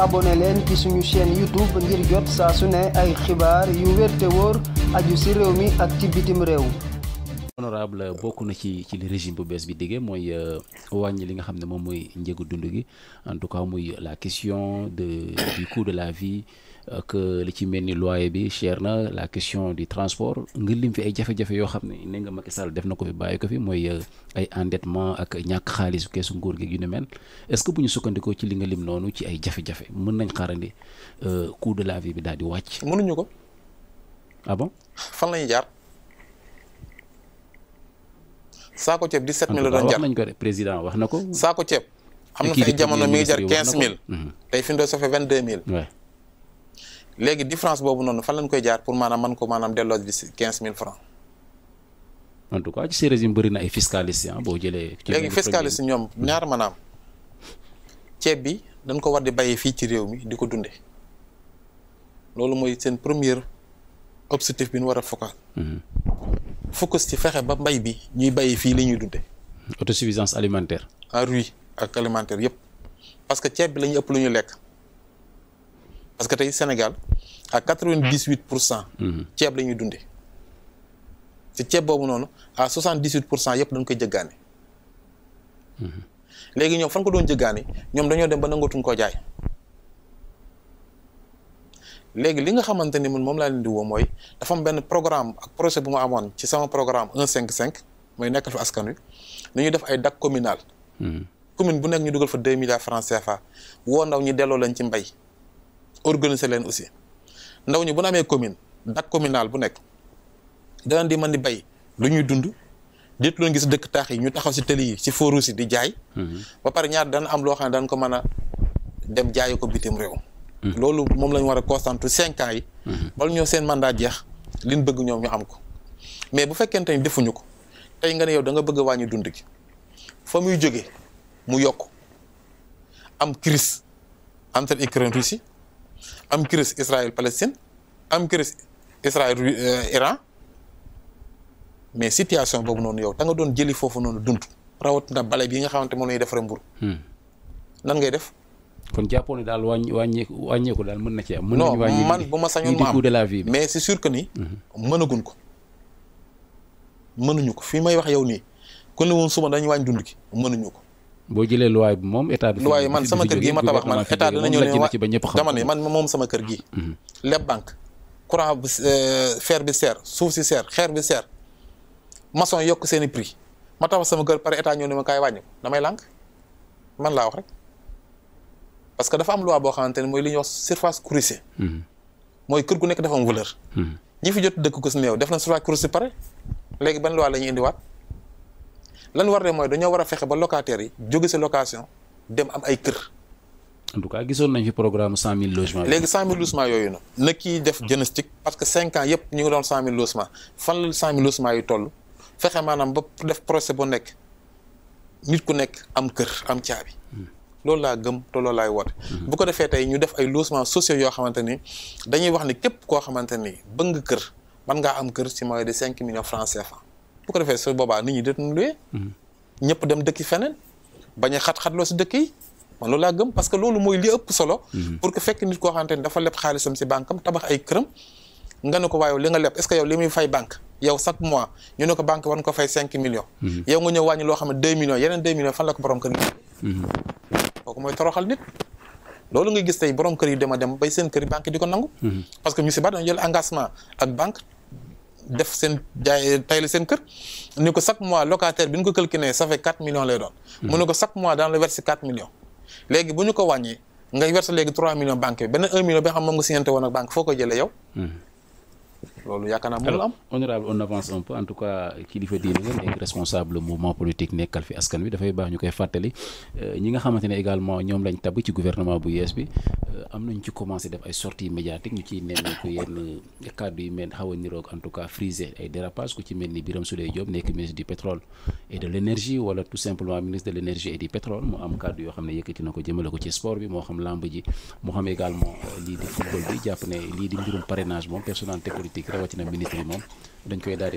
abonné leen ci suñu chaîne YouTube ngir jot saa su ne ay xibaar yu wér wóor aju si réew mi ak ci bitim réew. honorable bokk na ci ci li régime bu bees bi diggee mooy euh, wàññi li nga xam ne moom mooy njëgu dund gi en tout cas muy la question de du de la vie. ak euh, li ci mel ni loyer bi cher na la question di transport nga lim fi ay jafe-jafe yoo xam ne ne nga Macky Sall def na ko fi bàyyi ko fi mooy euh, ay endettement ak ñàkk xaalis kesu nguur gi yu ni mel est-ce que bu ñu sukkandikoo ci li nga lim noonu ci ay jafe-jafe mën nañ xaarandi euh, coût de la vie bi daal di wàcc. mënuñu ko. ah fan lañu jaar. saako la doon jar wax nañ ko de président wax na ko. saako ceeb. xam na fi ay mi ngi jar 15000. Mhm. tey fi mu doon sofee 22000. léegi différence boobu noonu fan lañ koy jaar pour maanaam man ko maanaam delloo di quinze mille francs en tout cas ci ces régimes bëri na ay fiscalistes ah boo jëlee. léegi fiscaliste ñoom ñaar maanaam ceeb bi dañ ko war di bàyyi fii ci réew mi di ko dunde loolu mooy seen premier objectif bi nu war a focal. Mhm. focus ci fexe ba mbay bi ñuy bàyyi fii li ñuy dunde autosuffisance alimentaire. ah oui ak alimentaire yëpp parce que ceeb bi la ñu ëpp lu ñu lekk. parce que tey Sénégal à quatre-vingt-dix-huit pour cent mhm. ceeb la ñuy dundee ci ceeb boobu noonu à soixante-dix-huit pour cent yëpp dañ koy jëggaane mhm. léegi ñoom fan ko doon jëggaane ñoom dañoo dem ba nangatuñ koo jaay léegi li nga xamante ni man moom laa leen di mooy dafa am benn programme ak projet bu mu amoon ci sama programme un cinq cinq mooy nekkal fi askan wi ni ñuy def ay DAC communal mhm. commune bu nekk ñu dugal fa deux milliards francs CFA woo ndaw ñi delloo leen ci mbay organiser leen aussi ndaw ñi bu ñu amee commune dak communal bu nekk danañ di mën di bay lu ñuy dund dit lu gis dëkk taax yi ñu taxaw si tëli yi si fooru si di jaay. Mhm. ba pare ñaar dana am loo xam ne daan ko mën a dem jaayi ko bitim réew. Mhm. loolu moom lañu ñu war a concentré cinq ans yi. Mhm. bala ñoo seen mandat jeex li bëgg ñoom ñu am ko. mais bu fekkente ni defuñu ko tey nga ne yow da nga bëgg waa ñu dund gi fa muy jóge mu yokk am crise entre Ukraine Russie am crise Israël Palestine am crise Israël Iran mais situation boobu noonu yow da nga doon jëli foofu noonu dund rawatina bale bi nga xamante moom lay defaree mburu hmm. nan ngay def. kon jàppoon ne daal wàññi wàññeeku wàññeeku daal mën na cee am. mën nañu wàññi man ma sañoon ma am de la vie mais c'est ni. Hmm. mënaguñ ko. mënuñu ko fii may wax yow nii kon ne woon suba dañu wàññi dund gi mënuñu ko. boo jëlee loi bi moom état bi. loi yi man sama kër gi ma tabax man état dina ñëw ne dama ne man moom sama kër gi. Mhm. leb banque courant bi euh, fer bi seer suuf si seer xeer bi seer maçon yokk seen i prix ma tabax sama kër par état ñëw ne ma kaay wàññi damay lànk man laa wax rek parce que dafa am loi boo xamante ne mooy li ñuy wax surface courrier. Mhm. mooy kër gu nekk dafa am valeur. Mhm. ñi fi jot dëkk ko si néew def na surface courrier pare léegi ban loi la ñuy indiwaat. lan war de mooy dañoo war a fexe ba locataires yi jóge sa location dem am ay kër. en tout cas gisoon nañ fi programme cent mille logements. léegi cent mille logements yooyu na na kii def diagnostic parce que cinq ans yëpp ñu ngi doon cent mille logements fan la cent mille logements yi toll fexe maanaam ba def procès bu nekk nit ku nekk am kër am caabi. Hmm. loolu laa gëm te loolu laay woote. Hmm. bu ko defee tey ñu def ay logements sociaux yoo xamante ni dañuy wax ni képp koo xamante ni bëgg nga kër mën ngaa am kër ci moyen de cinq millions francs CFA. bu ko defee su boobaa nit ñi dootuñu luye. Mm-hmm. ñëpp dem dëkk feneen bañ a xat-xatloo si dëkk yi man loolu laa gëm parce que loolu mooy li ëpp solo. Mm-hmm. pour que fekk nit koo xamante ni dafa leb xaalisam si banque tabax ay këram. nga mm-hmm. loo xam ne deux millions yeneen gi. kooku mooy yi dama dem bay seen di ko nangu. ba engagement ak banque. def seen jaay tayli seen kër ni ko chaque mois locataire bi ñu ko calculé ça fait quatre millions lay doon mu ne ko chaque mois daan la verser quatre millions léegi bu ñu ko wàññee nga verser léegi trois millions banque bi benn un million bi nga xam moom nga signante woon ak banque foo ko jëlee yow hmm. loolu yaakaar naa mënul am honorable on avance un peu en tout cas kilifa diine nga nekk responsable mouvement politique nekkal fi dafay baax ñu koy fàttali euh, ñi nga xamante ne également ñoom lañ tabb ci gouvernement bu yees bi am nañ ci commencé def ay sorties médiatiques ñu ciy nemmeeku yenn kàddu yi mel xaw niroog en tout cas frisé ay dérapage ku ci mel ni Birame Souleye Diop nekk ministre du pétrole et de l' énergie tout simplement ministre de l' et du pétrole mu am kàddu yoo xam ne yëkkati na ko jëmale ko ci sport bi moo xam lamb moo xam également euh, lii di football bi jàpp ne lii di mbirum parrainage moom personnalité politique rawatina ministre yi moom dañ koy daal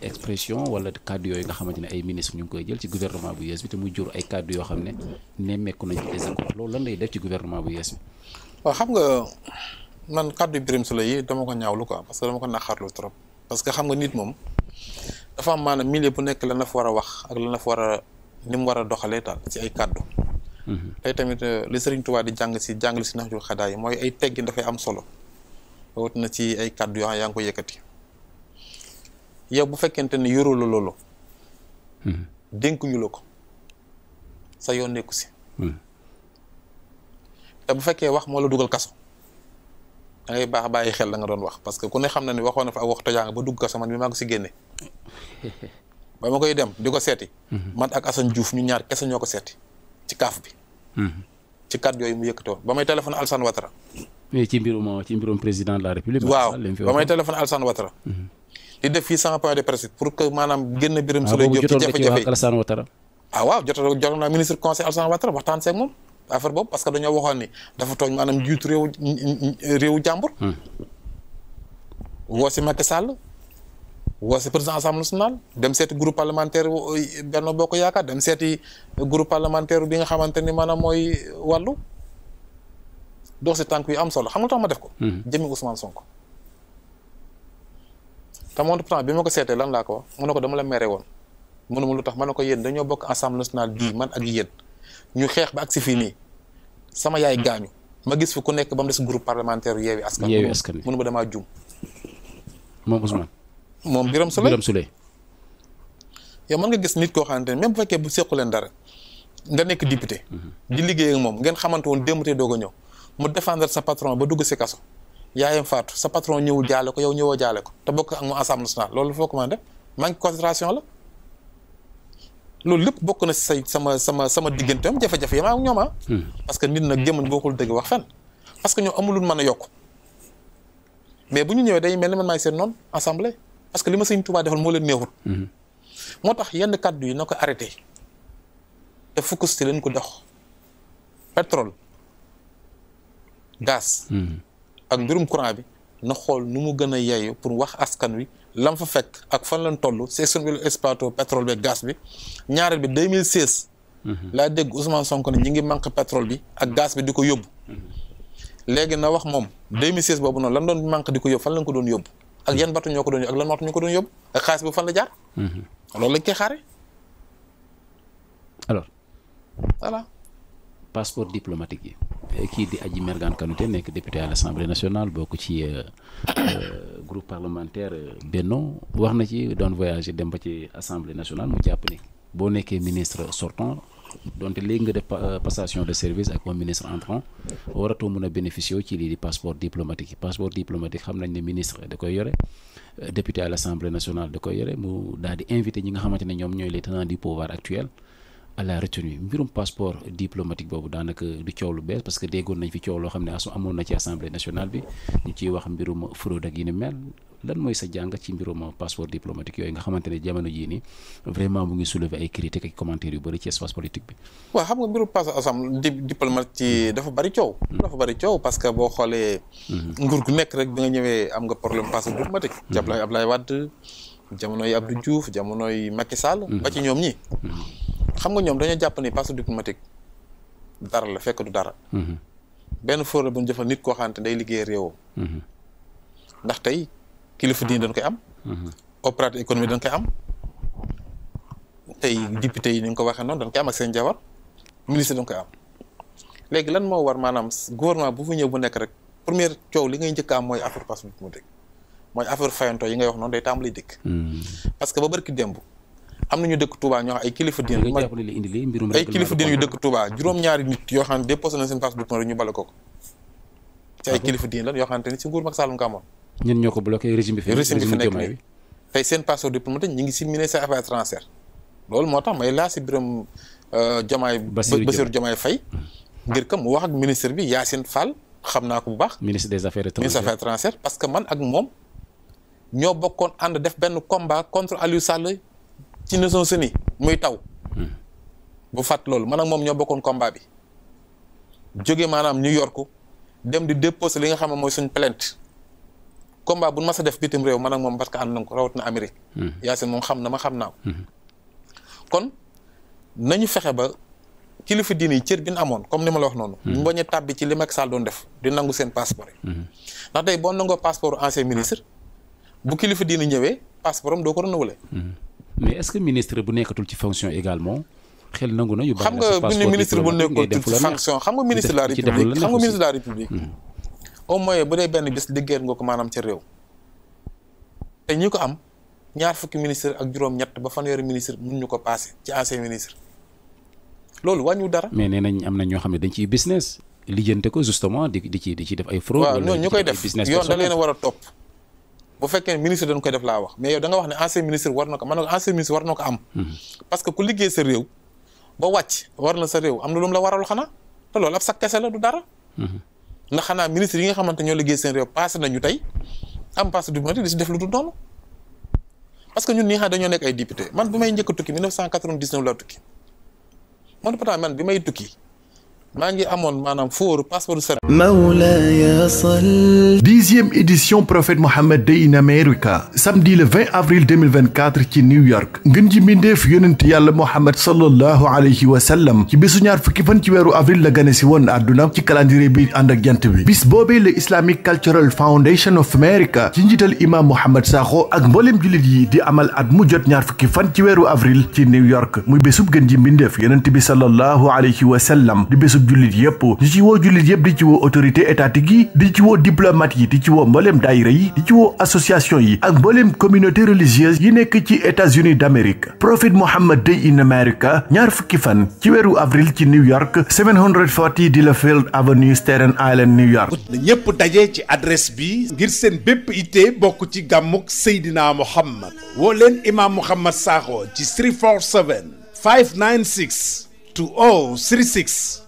expression wala kàddu yooyu nga xamante ne ay ministre ñu ngi koy jël ci gouvernement bu yees bi te muy jur ay kàddu yoo xam ne nemmeeku nañ ci des accords loolu lan lay def ci gouvernement bu yees bi. waaw xam nga man kàddu Birame Souleye yi dama ko ñaawlu quoi parce que dama ko naqarlu trop parce que xam nga nit moom dafa am maanaam mile bu nekk lan la war a wax ak lan la fa war a ni mu war a doxalee daal ci ay kàddu. Mhm. tey tamit euh, li Serigne Touba di jàng si jàngal si naxjul xadaa yi mooy ay teggin dafay am solo rawatina ci ay kàddu yoo xam yaa ngi ko yëkkati. yow bu fekkente ne yoroo la loolu. Hmm. dénkuñu la ko sa yoon nekku si. Hmm. te bu fekkee wax moo la dugal kaso. da ngay baax bàyyi xel la nga doon wax parce que ku ne xam na ne waxoon na fa ak wax tojaanga ba dugg kaso man mi maa ko si génne. ba ma koy dem di ko seeti. Hmm. man ak Assane Diouf ñu ñaar kese ñoo ko seeti ci kaaf bi. ci kàddu yooyu mu yëkkatoon ba may téléphone Alassane Ouattara. ci mbirum ci mbirum président de la république. waaw ba may téléphone Alassane di def fii sans point de presse pour que maanaam génn biram su lay jóg ci jafe-jafe Alassane Ouattara ah waaw jotoon jotoon ministre conseil Alassane Ouattara waxtaan seeg moom affaire boobu parce que dañoo waxoon ni dafa tooñ maanaam jiitu réew réewu jàmbur ma hmm. si Macky Sall woo si président assemblée nationale dem seeti groupe parlementaire euh, Benno Bokk Yaakaar dem seeti groupe parlementaire bi nga xamante ni maanaam mooy wàllu dox si tànk yu am solo xam nga tax ma def ko hmm. jëmi Ousmane Sonko te moom bi ma ko seetee lan laa ko wax mu ne ko dama la mere woon mu ne ma lu tax ma ne ko yéen dañoo bokk ensemble national bii man ak yéen ñu xeex ba ak si fii nii sama yaay hmm. gaañu ma gis fi ku nekk ba mu des groupe parlementaire yeewi askan. yeewi askan bi mu ne ma damaa jum. moom Ousmane. moom Birame Souleye Birame Souleye. yow mën nga gis nit koo xamante ne même bu fekkee bu sequ leen dara nga nekk député. Hmm. di liggéey ak moom ngeen xamante woon démb te doog a ñëw mu défendre sa patron ba dugg si kaso. yaayam faatu sa patron ñëwul jaale ko yow ñëwoo jaale ko te bokk ak mu ensemble national loolu foo ko mën a def manque concentration la loolu lépp bokk na say sama sama sama digganteem jafe-jafe yi ma ak ñoom ah. Hmm. parce que nit nag jëmm bokkul dëgg wax fen parce que ñoom amulul mën a yokk mais bu ñu ñëwee day mel ni man maay seen noonu assemblée parce que li ma sëñ Tuubaa defal moo leen neexul. Hmm. moo tax yenn kàddu yi na ko arrêté te focus ci leen ko dox pétrole gaz. Hmm. ak mbirum courant bi na xool nu mu gën a yeeyu pour wax askan wi lam fa fekk ak fan lañ toll c'est seen wàllu exploité pétrole bi gaz bi ñaareel bi 2016. Mhm. laa dégg Ousmane Sonko ne ñi ngi manqué pétrole bi ak gaz bi di ko yóbbu. Mhm. léegi na wax moom 2016 boobu noonu lan doon manqué di ko yóbbu fan lañ ko doon yóbbu ak yan batu ñoo ko doon yóbbu ak lan waxtu ñu ko doon yóbbu ak xaalis bi fan la jaar. Mhm. loolu lañ koy xaare alors passeport diplomatique yi kii di Adji Mergane Kanouté nekk député à l'Assemblée nationale bokk ci euh, euh, groupe parlementaire euh, Benno wax na ci doon voyager dem ba ci Assemblée nationale mu jàpp ni boo nekkee ministre sortant donte léegi nga def passation de service ak un ministre entrant waratoo mën a bénéficier ci lii di passeport diplomatique yi passeport diplomatique xam nañ ne ministre da koy yore député à l'Assemblée nationale da koy yore mu daal di invité ñi nga xamante ne ñoom ñooy les tenants du pouvoir actuel à la retenue mbirum passeport diplomatique boobu daanaka du coow lu bees parce que déggoon nañ fi coow loo xam ne asu amoon na ci assemblée nationale bi ñu ciy wax mbirum fraude ak yi ni mel lan mooy sa jàng ci mbirum passeport diplomatique yooyu nga xamante ne jamono jii nii vraiment mu ngi soulever ay critiques ak commentaires yu bëri ci espace politique bi. waaw xam nga mbirum passeport assemblée diplomatique dafa hmm. dafa bëri coow parce que boo xoolee. Hmm. nguur gu nekk rek bi nga ñëwee am nga problème passeport diplomatique. Hmm. jàppale Ablaye Wade jamonoy Abdou Diouf jamonoy Macky Sall. ba ci ñoom ñi xam nga ñoom dañoo jàpp ni passeport diplomatique dara la fekk du dara. Mhm. benn foor la bu ñu jëfal nit ko xamante day liggéey réewam. Mhm. ndax tey kilifa diine dañ koy am. Mhm. opérateur économique dañ koy am. tey député yi ni ko waxee noonu dañ koy am ak seen jabar ministre dañ koy am léegi lan moo war maanaam gouvernement bu fu ñëw bu nekk rek première coow li ngay njëkk am mooy affaire passeport diplomatique mooy affaire fayanto yi ngay wax noonu day tàmbali dikk. parce que ba barki démb. am nañu dëkk Touba ñoo xam ay kilifa diine ay kilifa diine yu dëkk Touba juróom-ñaari nit yoo xam ne déposé nañ seen Facebook rek ñu bale ko ko ci ay kilifa diine lan yoo xamante ni si nguur Macky Sall nga amoon ñun ñoo ko bloqué régime bi fi nekk nii tey seen passeport diplomatique ñu ngi simminé sa affaire transfert loolu moo tax may laa si biram euh, Diomaye Bassirou Diomaye Faye ngir kam mu wax ak ministre bi Yacine Fall xam naa ko bu baax ministre des affaires étrangères parce que man ak moom ñoo bokkoon ànd def benn combat contre Aliou Sall ci Nations Unies muy taw. Hmm. bu fàtt loolu man ak moom ñoo bokkoon combat bi. jóge maanaam New York dem di déposer li nga xam ne mooy suñ plainte. combat bu ma sa def bitim réew ma ak moom parce que ànd na ko rawatina Amérique. Hmm. Yacine moom xam na ma xam naa ko. Hmm. kon nañu fexe ba kilifa diine yi cër bi ñu amoon comme ni ma la wax noonu. ñu bañ a tàbbi ci li Macky Sall doon def di nangu seen passeport yi. ndax tey boo nangoo passeport ancien ministre. bu kilifa diina ñëwee passeport am doo ko renouveler. Hmm. mais est-ce que ministre bu nekkatul ci fonction également xel nangu na yu bari na xam nga bu ne ministre bu nekkatul ci fonction xam nga ministre de la république xam nga ministre de la république. Hmm. au moins bu dee benn bis liggéeyal nga ko maanaam ca réew. te ñi ko am ñaar fukki ministre ak juróom-ñett ba fanweeri ministre mun ñu ko passé ci ancien ministre. loolu wàññiwul dara. mais nee nañ am na ñoo xam ne dañ ciy business. lijjante ko justement di di ci di ci def ay fraude. ñu koy def business yoon da leen a war a topp. bu fekkee ne ministre dañ koy def laa wax mais yow da nga wax ne ancien ministre war na ko am. parce que ku liggéey sa réew. ba wàcc war na sa réew am na lu mu la waral xanaa te loolu ab sa la du dara. ndax xanaa ministre yi nga xamante ñoo liggéey seen réew passé nañu tey am passé du def lu dul noonu. parce que ñun ñi xam dañoo nekk ay député man bi may njëkk a tukki 1999 laa tukki man pourtant man bi may tukki. maa ngi amoon maanaam fóoru passeport Sénégal. mawlaaya sall. dixième édition prophète Mohammed Day in America samedi le 20 avril 2024 ci New York. gën ji mbindeef yonent yàlla Mohammed sallallahu alayhi wa sallam ci bésu ñaar fukki fan ci weeru avril la gane si woon àdduna ci calendrier bi ànd ak jant bi. bis boobee le Islamic Cultural Foundation of America ci njiital imam Mohamed Sakho ak mboolem jullit yi di amal at mujjot jot ñaar fukki fan ci weeru avril ci New York muy bésub gën ji mbindeef yonent bi sallallahu alayhi wa sallam di bésub jullit yëpp di ci woo jullit yëpp di ci woo autorité étatique yi di ci woo diplomate yi di ci woo yi association yi ak mbooleem communauté religieuse yi nekk ci États-Unis d'Amérique Prophet Muhammad Day in America ñaar fukki fan ci weeru avril ci New York 740 Delafield Avenue Staten Island New York na ñépp daje ci adresse bi ngir seen bépp ittee bokk ci gàmmuk Seydina Muhammad woo leen imaam Muhammad Sakho ci 347 596 2036